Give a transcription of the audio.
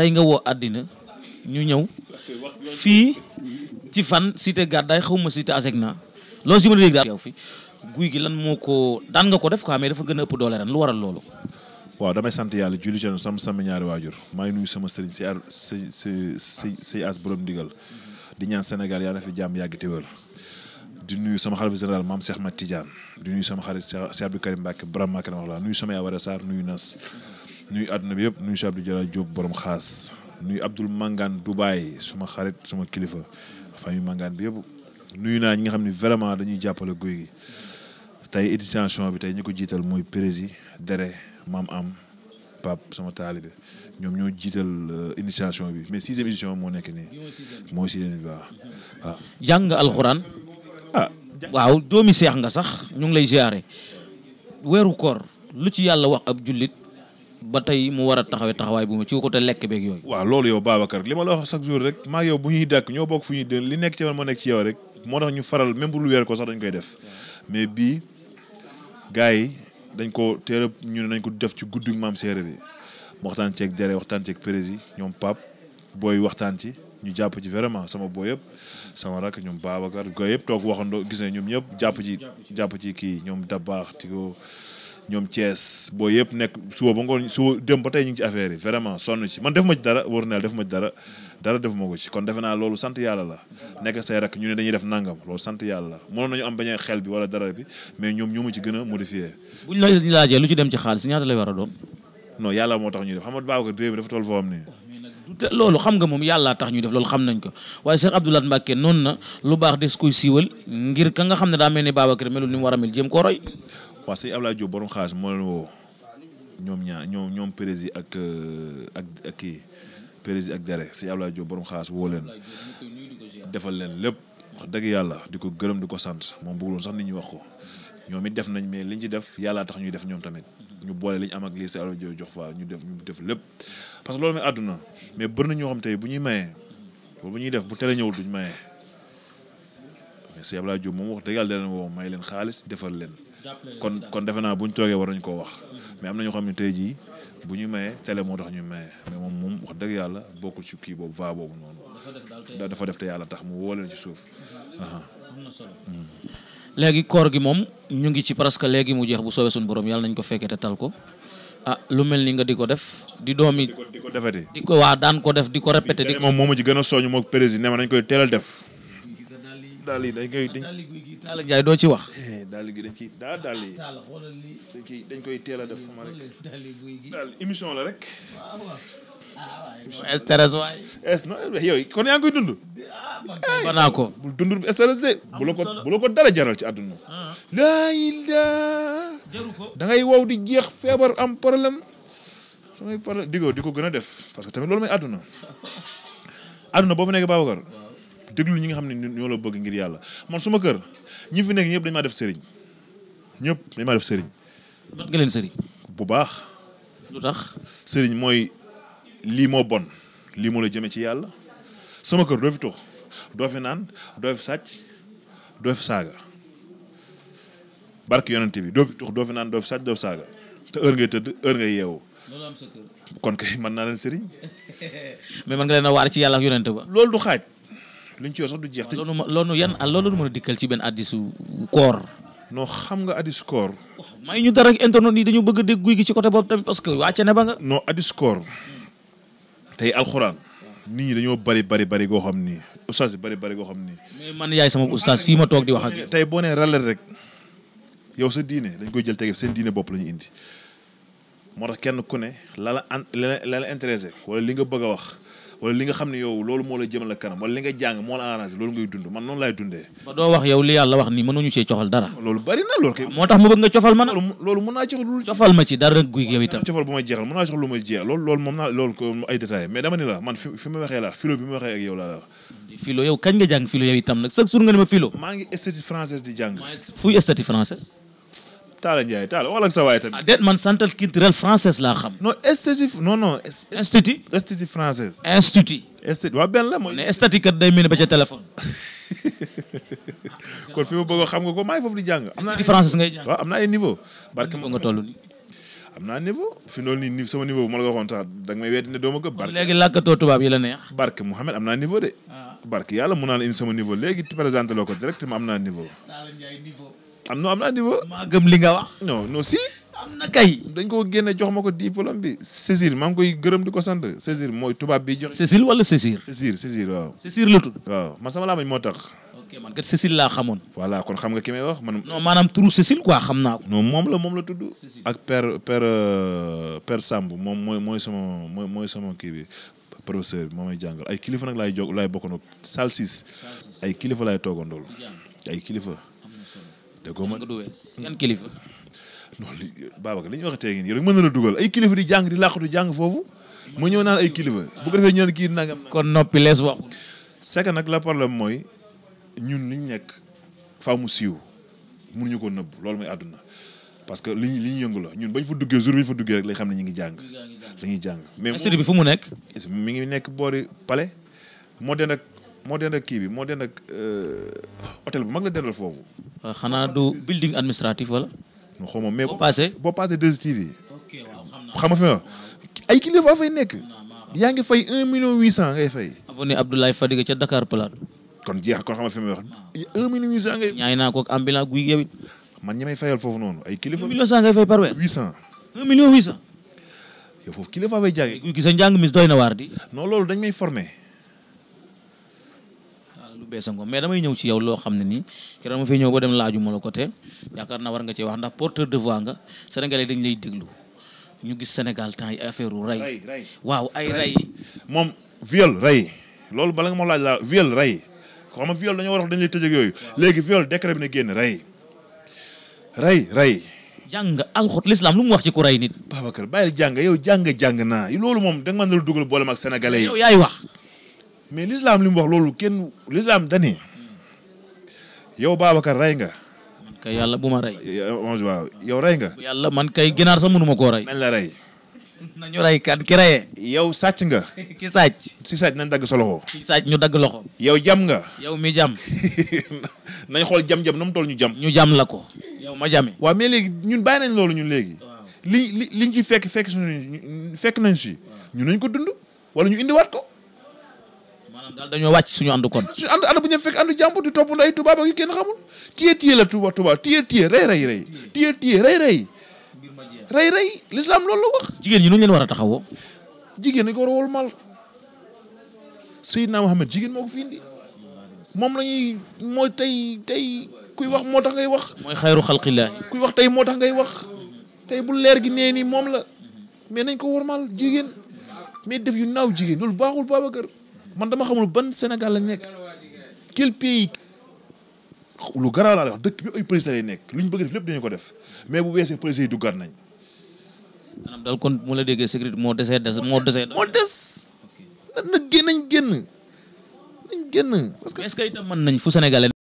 tey nga woo àddina ñu ñëw fii ci fan cité gàddaay xaw ma cité Asegna loolu si ma dégg daal yow fi guy gi lan moo ko daan nga ko def quoi mais dafa gën a ëpp doole ren lu waral loolu. waaw damay sant yàlla julli ci sam sama ñaari waajur maa nuyu sama sëriñ si si si si as borom ndigal di ñaan Sénégal yàlla na fi jàmm yàgg te wër di nuyu sama xarit général maam Cheikh Mat di nuyu sama xarit Cheikh Abdou Karim Mbacke Brahma Karim wax la nuyu sama yaa war a Sarr nuyu nuy àdduna bi yëpp nuy Cheikh Abdou Diarra Diop borom xaas nuy Abdoul Mangane Dubaay suma xarit suma kilifa famille Mangane bi yëpp nuyu naa ñi nga xam ni vraiment dañuy jàppale guy gi tey édition bi tey ñu ko jiital mooy prési dere maam am Pape sama taalibe ñoom ñoo jiital euh, initiation bi mais sixième édition moo nekk nii mooy sixième bi waaw waaw. Ah. jàng nga alxuraan. Ah. waaw doomi seex nga sax ñu ngi lay ziare. weeru koor lu ci yàlla wax ab jullit ba tey mu war a taxawee taxawaay bu mu ci ko te lekk beeg yooyu waaw loolu yow Babacar li ma la wax chaque jour rek maa yow bu ñuy dàkk ñoo bokk fu ñuy dén nekk ci man ma nekk ci yow rek moo tax ñu faral même bu lu weer ko sax dañ koy def mais bii gars yi dañ ko teel ñu ne nañ ko def ci guddug maam séeréer bi waxtaan ceeg dere waxtaan ceeg prési ñoom pap booy waxtaan ci ñu jàpp ci vraiment sama boo yëpp sama rak ñoom Babacar go yëpp toog waxandoo gis ne ñoom ñëpp jàpp ci jàpp ci kii ñoom dabaax ti ko ñoom Thiès boo yëpp nekk suba ba ngoon suba dem ba tey ñu ngi ci affaire yi vraiment sonn ci man def ma ci dara wóor na def ma ci dara dara def ma ko ci kon defe naa loolu sant yàlla la nekk say rek ñu ne dañuy def nangam loolu sant yàlla moo na nañu am bañ xel bi wala dara bi mais ñoom ñoo ma ci gën a modifié. buñ la laajee lu ci dem ci xaalis ñaata la war a doon. non yàlla moo tax ñu def xam nga baaw ko réew mi dafa toll ne loolu xam nga moom yàllaa tax ñuy def loolu xam nañ ko waaye Cheikh Abdou Lahad Mbacké noon na lu baax des koy siiwal ngir ka nga xam ne daa mel ni Babacar melul ni mu war a mel jéem koo roy. waaw sëñ Abdoulaye Diop borom xaalis moo woo ñaar ñoom ñoom prési ak euh, ak ak kii prési ak dare sëñ Abdoulaye Diop borom xaalis woo leen defal leen lépp wax dëgg yàlla di ko gërëm di ko sant moom bëgguloon sax nit ñi wax ko. ñoom it def nañ mais liñ ci def yàllaa tax ñuy def ñoom tamit ñu boolee liñ am ak lii jox fa ñu def ñu def lépp parce que loolu mooy àdduna mais bëri na ñoo xam tey bu ñuy mayee bu ñuy def bu tele ñëwul duñ mayee mais si Abdoulaye moom wax dëgg yàlla dana woo may leen xaalis defal leen kon kon defe naa bu ñu toogee war nañu koo wax mais am na ñoo xam ne tey jii bu ñu mayee télé moo tax ñu mayee mais moom moom wax dëgg yàlla bokkul ci kii boobu va boobu noonu dafa def te yàlla tax mu woo leen ci suuf hmm. léegi koor gi moom ñu ngi ci presque léegi mu jeex bu soobee suñu borom yàlla nañ ko fekkee te tal ko ah lu mel ni nga di ko def di doomi di ko defati ko waa daan ko def di ko répété di moom moo ma ci gën a soñu moo président ne ma nañ koy teelal def daal yi dañ koy dañ daal guy gi Talla Ndiaye doo ci wax. Eh, daal gi dañ ciy daa daal yi. dañ koy dañ koy teel a def xam rek daal émission la ah, eh, kon yaa ngi koy dund. ah eh, naa ko. bul dund bi stress ko bu la ko dara ci àdduna. Ah. laa ilaa. jaru ko da wow di jeex feebar am problème. damay problème di ko gën a def parce que tamit loolu mooy àdduna. àdduna boo fi nekk déglu ñi nga xam ne ñoo la bëgg ngir yàlla man suma kër ñi fi nekk ñëpp dañ maa def sëriñ ñëpp dañ maa def sëriñ. nga leen sëriñ. bu baax. lu tax sëriñ mooy lii moo bon lii moo la jëmee ci yàlla suma kër doo fi tux doo fi naan doo fi sàcc doo fi saaga doo fi tux fi naan doo fi sàcc doo te heure ngay tëdd heure ngay yeewu. kon kay mën naa leen sëriñ. mais mën nga leen a waar ci yàlla ak yonent ba. loolu du xaaj. lu luñ ci yor sax du jeex. te loolu yan ah, loolu mën a dikkal ci benn addisu koor. non xam nga addis koor. may ñu dara ak internet yi dañu bëgg a guy gi ci côté boobu tamit parce que wàcce ne ba nga. non addis koor tey alxuraan. nit ñi dañoo bari bari bari goo xam ni ustaas yi bari bari goo xam ni. mais man yaay sama ustaas fii ma toog di wax ak. tey boo nee ralal rek yow sa diine dañ koy jël tege seen diine bopp la ñu indi. moo tax kenn ku ne la la la la intéressé wala li nga bëgg a wax wala li nga xam ne yow loolu moo la jëmal kanam wala li nga jàng moo la arrangé loolu ngay dund man noonu laay dundee. ba doo wax wax ni mënuñu see cofal dara. loolu bari na moo tax mu bëgg nga cofal ma loolu mën naa cofal lu. cofal ma ci dara guy yow itam. cofal bu may jeexal mën naa cofal lu dama ni la man fi ma waxee la philo bi ma waxee ak yow laa la wax. philo yow kañ nga jàng philo yow itam nag chaque jour nga ne ma philo. maa ngi esthétique française di jàng. fuy esthétique française Talla Ndiaye Talla waxal ak sa a tamit. ah déet man centre culturel français laa xam. non esthétique non non. institut esthétique française. institut. esthétique waaw benn la mooy. ne esthétique kat day mel kon fi ma bëgg ko maa ngi foofu di jàng. am naa esthétique ngay jàng. waaw na ay niveau. barke ma naa niveau fi noonu nii sama niveau bu ma la ko waxoon tax da nga may weddi ne doo ma gëm. barke léegi la neex. barke Mouhamed am naa niveau de. Ah. barke yàlla mun naa la indi sama niveau léegi présenté loo ko directement am naa niveau. niveau. am na am na andi ba. maa gëm li nga wax. non non si. am na kay. dañ koo génne jox ma ko diplôme bi César maa ngi koy gërëm di ko sant César mooy tubaab bi jox. César wala César. César César waaw. César la tudd. waaw man sama laamañ moo tax. ok man laa xamoon. voilà kon xam nga ki may wax man. non maanaam turu Cécile quoi xam naa ko. non moom la moom la tudd. ak père père euh, père Samb moom mooy mooy sama mooy mooy sama kii bi professeur bi moo may jàngal ay kilifa nag laay jóg laay bokkoon ak ay kilifa laay toogandool ay te ko man du wees yan kilifa. non li Babacar li ñu wax tey jii rek mën na la dugal ay kilifa di jàng di làqatu jàng foofu. mu ñëw naan ay kilifa bu ko defee ñaan kii nagam. kon noppi lees wax. c'est que nag la problème mooy ñun li ñu nekk faa mu siiw mënuñu ko nëbb loolu mooy àdduna parce que li ñu li ñu yëngu la ñun bañ fa duggee jour bi ñu fa rek lay xam ne ñu ngi jàng. li ñuy jàng mais institut bi fu mu nekk. mi ngi nekk boori pale moo dend ak moo dend ak kii bi moo dend ak euh, hôtel bu mag la dendal foofu. Euh, xanaa du building administratif wala. xaw ma mais boo paasee boo paasee 2STV. ok waaw xam nga fi fay nekk. yaa ngi fay 1 million 800 ngay fay. avenue Abdoulaye Fadiga ca Dakar Plateau. jeex million 800 ngay. ñaay naa ko ak ambulance guy yow it. man ñi may fayal foofu noonu ay kilifa. 1 million 100 ngay fay par kilifa fay jaay. guy gi sa njàng mis doy na waar di. non loolu dañ may formé. lu beesango mais damay ñëw ci yow loo xam ne nii keroog ma fi ñëw ba dem laaju ma ko te yaakaar naa war nga ci wax ndax porteur de voix nga sénégalais dañ lay déglu ñu gis senegal temps yi affaire u rey waaw ay rey moom viol rey loolu bala nga ma laaj laa viol rey xam nga viol dañoo dañ lay tëj ak yooyu léegi viol décret bi na génn rey rey rey jàng nga alxot l'islam lu mu wax ci ku rey nit Babacar bàyyil jàng yow jàng jàng naa loolu moom da ma mën na lu dugal boolem ak sénégalais yi mais l'islam li mu wax loolu kenn l'islam dani yow Babacar rey nga. kay yàlla bu ma rey. waaw yow rey nga. yàlla man kay ginaar sax mënu ma koo rey. nañ la rey. nañu rey kat ki reyee. yow sàcc nga. ki sàcc. si sàcc nañ dagg sa loxo. ki ñu dagg loxo. yow jam nga. yow mi jam. nañ xool jam-jam na mu toll ñu jam. ñu jam la ko. yow ma jam waaw mais léegi ñun bàyyi nañ loolu ñun léegi. li li liñ ci fekk fekk suñu fekk nañ si. ñu nañ ko. maanaam dañoo wàcc suñu ànd kon suñu ànd ànd bu ñu fekk ànd jàmbur di topp ay tubaab ak yu kenn xamul tiye tiye la tubaab tubaab tiye tiye rey rey rey tiye tiye rey rey rey rey l'islam loolu la wax jigéen ñi nu ñu leen war a taxawoo jigéen ñi ko war a wolmal Seydina jigéen moo ko moom la ñuy mooy tey tey kuy wax moo tax ngay wax mooy xayru xalqillah kuy wax tey moo tax ngay wax tey bu leer gi nee nii moom la mais nañ ko wormaal jigéen mais def yu naaw jigéen loolu baaxul kër man dama xamul ban Sénégal lañ nekk quel pays. lu garaaw laal lay wax dëkk bi ay président nekk lu ñu bëgg def lépp dañu ko def mais bu weesee président du gar nañ. maanaam daal kon mu la déggee sécurité moo desee des moo desee. moo des. na génn nañ génn nañ génn. parce que est-ce que itam mën nañ fu Sénégalais.